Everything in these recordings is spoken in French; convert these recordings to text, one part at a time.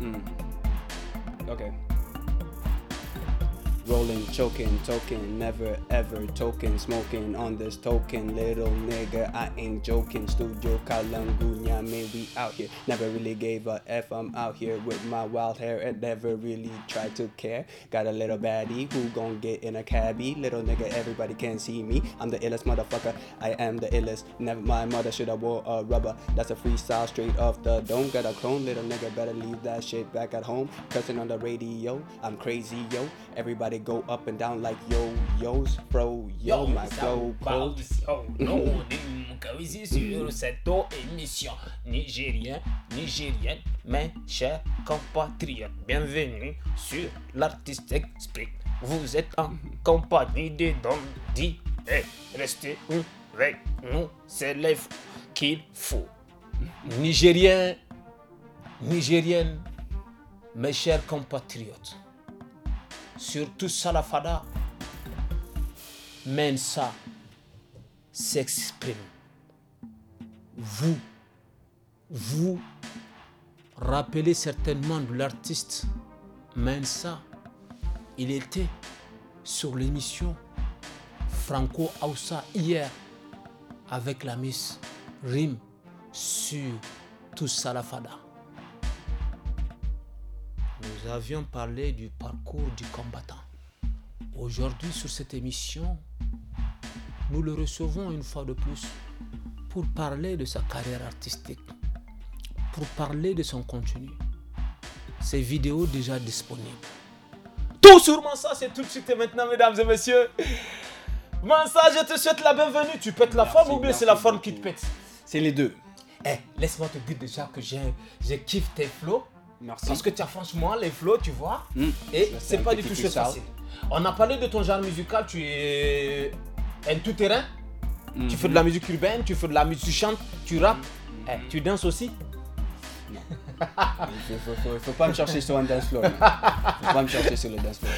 Mm. Okay. Rolling, choking, token, never ever token, smoking on this token. Little nigga, I ain't joking. Studio Kalangunya, man, we out here. Never really gave a F, I'm out here with my wild hair and never really tried to care. Got a little baddie who gon' get in a cabbie. Little nigga, everybody can see me. I'm the illest motherfucker, I am the illest. Never my mother should have wore a rubber. That's a freestyle straight off the dome. Got a clone, little nigga, better leave that shit back at home. Cussing on the radio, I'm crazy, yo. Everybody go up and down like yo, yo's, fro, yo, yo my go, oh Non, on sur cette émission nigérien, nigérienne, mes chers compatriotes. Bienvenue sur l'artiste explique. Vous êtes en compagnie de dons dit et eh, restez avec nous, c'est l'œuvre qu'il faut. Nigérien, nigérienne, mes chers compatriotes surtout Salafada, Mensa s'exprime. Vous, vous rappelez certainement de l'artiste Mensa. Il était sur l'émission Franco Aoussa hier avec la Miss Rim sur tout Salafada nous avions parlé du parcours du combattant. Aujourd'hui, sur cette émission, nous le recevons une fois de plus pour parler de sa carrière artistique, pour parler de son contenu, ses vidéos déjà disponibles. Tout sur Mansa, c'est tout de suite et maintenant, mesdames et messieurs. Mansa, je te souhaite la bienvenue. Tu pètes la forme ou bien c'est la forme qui te pète C'est les deux. Eh, laisse-moi te dire déjà que j'ai, je kiffe tes flots. Parce que tu as franchement les flots, tu vois. Hmm. Et c'est pas du tout chose facile. On a parlé de ton genre musical, tu es un tout-terrain. Hmm. Tu fais de la musique urbaine, tu fais de la musique, tu chantes, tu rappes, hmm. eh, tu danses aussi. Il faut, faut, pas me chercher sur un dance floor. Faut pas me chercher sur le dance floor.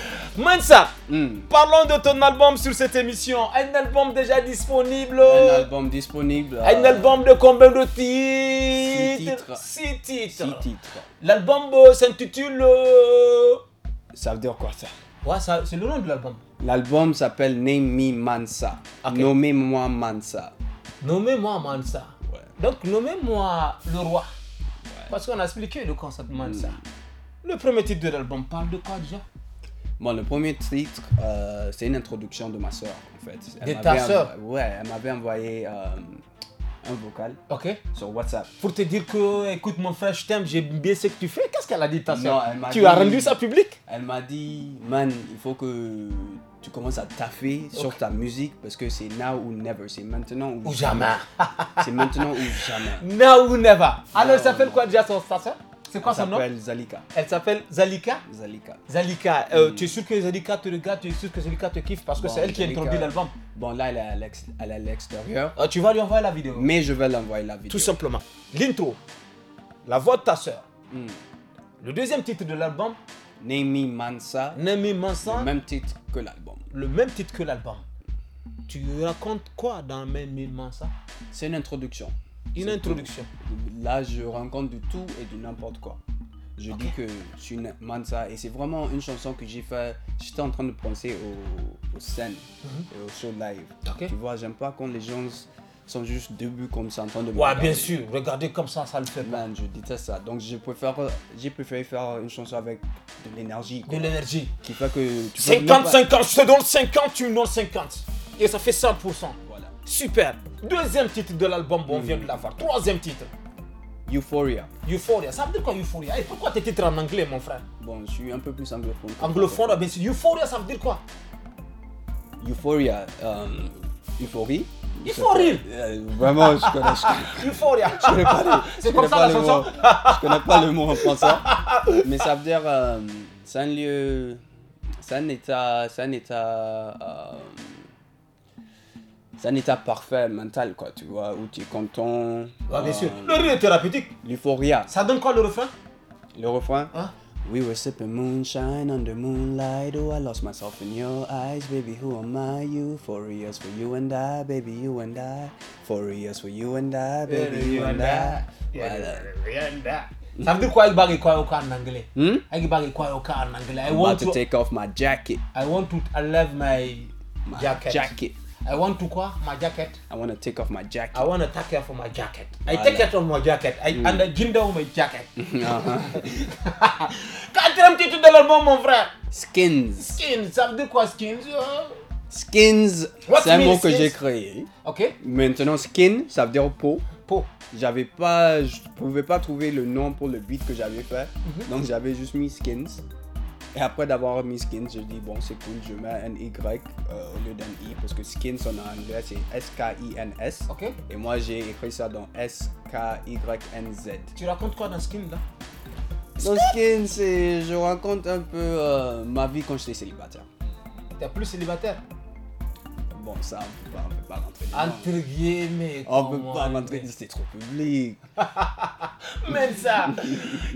Mansa, hmm. parlons de ton album sur cette émission. Un album déjà disponible. Un album disponible. Un euh, album de combien de titres Six titres. Six titres. L'album euh, s'intitule. Euh, ça veut dire quoi ça Ouais, c'est le nom de l'album. L'album s'appelle Name Me Mansa. Nommez-moi Mansa. Nommez-moi Mansa. Ouais. Donc, nommez-moi le roi. Parce qu'on a expliqué le concept de mm. ça. Le premier titre de l'album parle de quoi déjà Bon, le premier titre, euh, c'est une introduction de ma soeur, en fait. de ta soeur Ouais, elle m'avait envoyé euh, un vocal okay. sur WhatsApp. Pour te dire que, écoute mon frère, je t'aime, j'aime bien ce que tu fais. Qu'est-ce qu'elle a dit ta soeur Tu as rendu ça public Elle m'a dit, man, il faut que tu commences à taffer sur ta musique parce que c'est now or never. C'est maintenant ou, jamais. c'est maintenant ou jamais. Now or never. Alors, ça fait quoi déjà sur ta c'est quoi son nom Elle s'appelle Zalika. Elle s'appelle Zalika Zalika. Zalika. Euh, hmm. Tu es sûr que Zalika te regarde Tu es sûr que Zalika te kiffe Parce que c'est elle qui a introduit l'album. Bon, là, elle est à l'extérieur. Ah, tu vas lui envoyer la vidéo Mais je vais l'envoyer la vidéo. Tout simplement. L'intro, la voix de ta soeur. Hmm. Le deuxième titre de l'album Nemi Mansa. Nemi Mansa. Le même titre que l'album. Le même titre que l'album. Tu racontes quoi dans Nemi Mansa C'est une introduction. Une introduction. Là, je rencontre du tout et de n'importe quoi. Je dis que je suis une Mansa et c'est vraiment une chanson que j'ai fait. J'étais en train de penser aux, scènes mhm. et aux shows live. Tu vois, j'aime pas quand les gens sont juste début comme ça en train de. Ouais, bien sûr, Regardez comme ça, ça le fait Man, je déteste ça. Donc, je j'ai préféré faire une chanson avec de l'énergie. De l'énergie. Qui fait que. Tu 50, 50, je te donne 50, tu me donnes 50. Et ça fait 100%. Super. Deuxième titre de l'album, on vient de l'avoir. Troisième titre. Euphoria. Euphoria, ça veut dire quoi Euphoria Et pourquoi tes titres en anglais, mon frère Bon, je suis un peu plus anglophone. Anglophone, bien ah, sûr. Euphoria, ça veut dire quoi Euphoria, euh, euphorie. Euphorie euh, Vraiment, je connais. euphoria Je connais pas le, C'est comme ça la chanson Je connais pas le mot en français. mais ça veut dire. Euh, c'est un lieu. C'est un état. C'est un état c'est un état parfait mental, quoi, tu vois, où tu es content. Oui bien sûr. Euh, le rire est thérapeutique. L'euphoria. Ça donne quoi le refrain Le refrain hein We were sipping moonshine under moonlight. Oh, I lost myself in your eyes, baby. Who am I? You for years for you and I, baby. You and I for years for you and I, baby. You, and, I. Yeah, I. Ça veut quoi? Il bague quoi au en anglais? Hmm? Il bague quoi au en anglais? I want to, take off my jacket. I want to I love my, jacket. I want to wear my jacket. I want to take off my jacket. I want to take off my jacket. I take it off my jacket. I mm. and I my jacket. Quatrième dans de l'album, mon frère. Skins. Skins. Ça veut dire quoi, skins? Skins, c'est un mot que j'ai créé. Ok. Maintenant, skin, ça veut dire peau. Peau. J'avais pas, je pouvais pas trouver le nom pour le beat que j'avais fait, mhm. donc j'avais juste mis skins. Et après d'avoir mis skins, je dis bon, c'est cool, je mets un Y euh, au lieu d'un I parce que skins en anglais c'est S-K-I-N-S. Et moi j'ai écrit ça dans S-K-Y-N-Z. Tu racontes quoi dans skins là Dans skins, je raconte un peu euh, ma vie quand j'étais célibataire. T'es plus célibataire bon, ça, on peut pas, Entre guillemets. On peut pas rentrer c'est trop public. Même ça,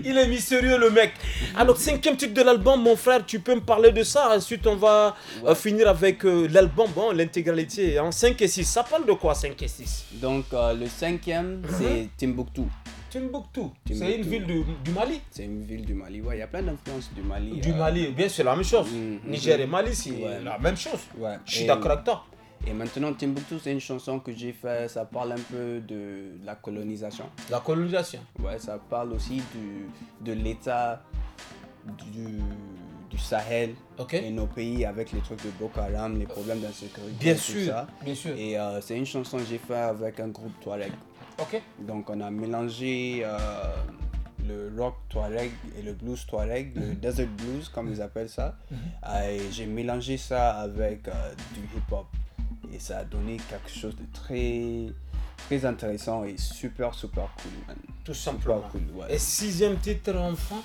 il est mystérieux le mec. Alors, cinquième titre de l'album, mon frère, tu peux me parler de ça. Ensuite, on va euh, finir avec euh, l'album, bon, l'intégralité en hein. 5 et 6. Ça parle de quoi, 5 et 6 Donc, euh, le cinquième, mhm. c'est Timbuktu. Timbuktu, c'est une ville du, Mali. C'est une ville du Mali, ouais, il y a plein d'influences du Mali. Du Mali, bien c'est la même chose. Mhm, Niger mhm. et Mali, c'est la même chose. Ouais. Je suis d'accord avec et maintenant, Timbuktu, c'est une chanson que j'ai faite, ça parle un peu de, la colonisation. La colonisation Ouais, ça parle aussi de l'état du, Sahel et nos pays avec les trucs de Boko Haram, les problèmes d'insécurité. Bien, sûr, tout ça. bien sûr. Et euh, c'est une chanson que j'ai faite avec un groupe Touareg. Ok. Donc on a mélangé. Euh, le rock Touareg et le blues Touareg, le mhm. desert blues comme ils appellent ça. Mhm. Et j'ai mélangé ça avec euh, du hip-hop et ça a donné quelque chose de très très intéressant et super super cool tout simplement cool, et sixième titre enfin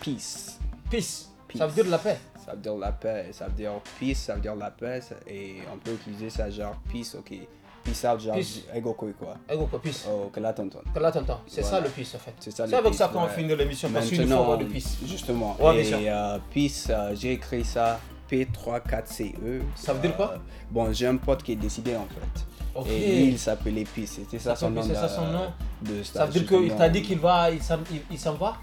peace. peace peace ça veut dire la paix ça veut dire la paix ça veut dire peace ça veut dire la paix et on peut utiliser ça genre peace ok peace out genre peace. ego quoi ego peace oh que là t'entends que là t'entends c'est ça le peace en fait c'est ça c'est avec ça qu'on ouais. finit l'émission parce qu'il faut avoir le peace justement ouais, et euh, peace euh, j'ai écrit ça P34CE. E. Ça veut dire quoi euh, Bon, j'ai un pote qui est décidé en fait. Et il s'appelait P, c'était ça, son nom. C'est ça son nom de Ça veut dire qu'il t'a dit qu'il va, il s'en va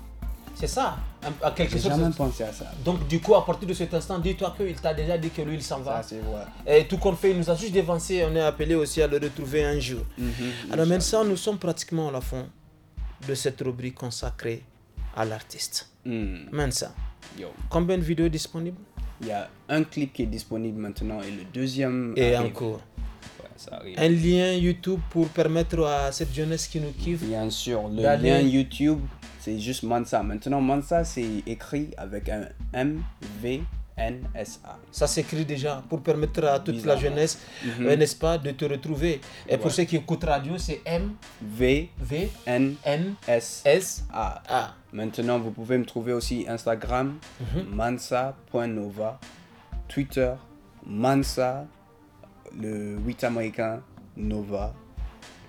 C'est ça à quelque chose. jamais pensé à ça. Donc, du coup, à partir de cet instant, dis-toi qu'il t'a déjà dit que lui, il s'en va. vrai. Et tout qu'on fait, il nous a juste dévancé. On est appelé aussi à le retrouver un jour. Mhm, Alors même Alors, nous sommes pratiquement à la fin de cette rubrique consacrée à l'artiste. Même ça. combien de vidéos disponibles il y a un clip qui est disponible maintenant et le deuxième. Et encore. Un lien YouTube pour permettre à cette jeunesse qui nous kiffe. Bien sûr, le lien YouTube, c'est juste Mansa. Maintenant, Mansa, c'est écrit avec un M, V, NSA. Ça s'écrit déjà pour permettre à toute la hein. jeunesse, mhm. euh, n'est-ce pas, de te retrouver. Et pour ceux qui écoutent radio, c'est M V V N S S A. -A. Maintenant, vous pouvez me trouver aussi Instagram mhm. mansa.nova, Twitter mansa le 8 américain nova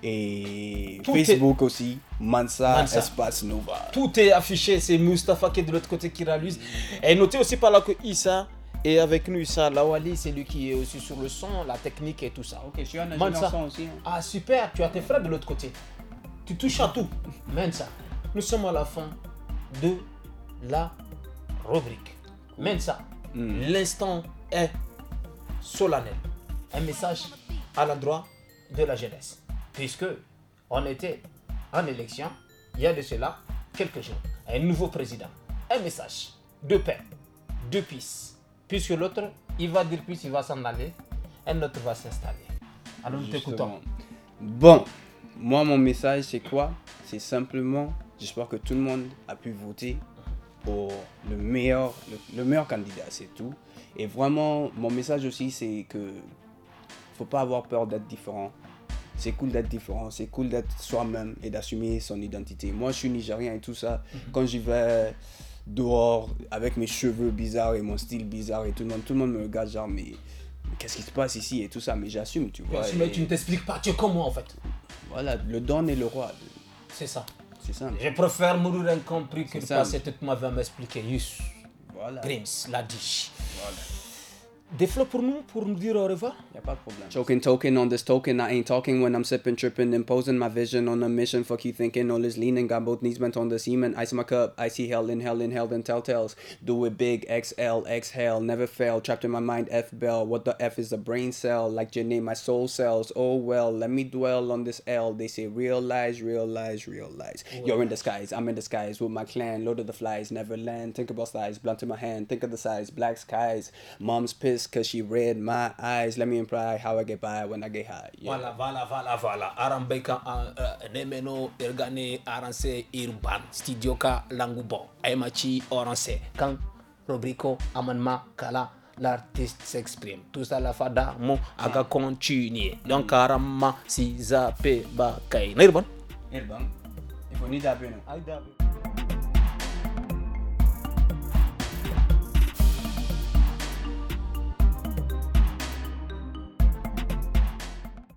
et Facebook aussi, Mansa, Espace Nova. Tout est affiché, c'est Mustafa qui est de l'autre côté qui réalise. Et notez aussi par là que Issa est avec nous, Issa Lawali, c'est lui qui est aussi sur le son, la technique et tout ça. Ok, je suis un son aussi. Hein. Ah super, tu as tes frères de l'autre côté. Tu touches à tout. Mansa, nous sommes à la fin de la rubrique. Mansa. Hmm. l'instant est solennel. Un message à l'endroit de la jeunesse puisque on était en élection il y a de cela quelques jours. Un nouveau président, un message de paix, de peace, puisque l'autre, il va dire peace, il va s'en aller, un autre va s'installer. Alors nous t'écoutons. Bon, moi mon message c'est quoi C'est simplement, j'espère que tout le monde a pu voter pour le meilleur, meilleur candidat, c'est tout. Et vraiment, mon message aussi c'est que faut pas avoir peur d'être différent c'est cool d'être différent, c'est cool d'être soi-même et d'assumer son identité. Moi, je suis nigérien et tout ça. Mhm. Quand j'y vais dehors avec mes cheveux bizarres et mon style bizarre et tout le monde, tout le monde me regarde genre, mais qu'est-ce qui se passe ici et tout ça, mais j'assume, tu vois. mais tu ne t'expliques pas, tu es comme moi en fait. Voilà, le don est le roi. C'est ça. C'est ça. Je préfère mourir incompris que de passer toute ma vie à m'expliquer. Voilà. prince, l'a dit. Voilà. Des pour nous, pour nous dire au revoir. Y a pas de problème. Choking, token on this token. I ain't talking when I'm sipping, tripping, imposing my vision on a mission. Fuck you thinking, all is leaning. Got both knees bent on the semen. Ice my cup. I see hell, in hell. then telltales. Do it big. XL, exhale. Never fail. Trapped in my mind. F bell. What the F is a brain cell? Like your name, my soul cells. Oh well, let me dwell on this L. They say realize, realize, realize. Oh, You're in disguise. I'm in disguise with my clan. Load of the flies. Never land. Think about size. Blunt in my hand. Think of the size. Black skies. Mom's piss this because she read my eyes. Let me imply how I get by when I get high. Yeah. Voilà, voilà, voilà, voilà. Arambeka uh, uh, nemeno ergane arancé irban studio ka langubo aimachi oranse quand rubrico amanma kala l'artiste s'exprime. Tout ça, la fada, mo, aga continue. Donc, arama, si, zape, bakay. Nirban? Nirban. Ibonita, beno. Aïda, beno.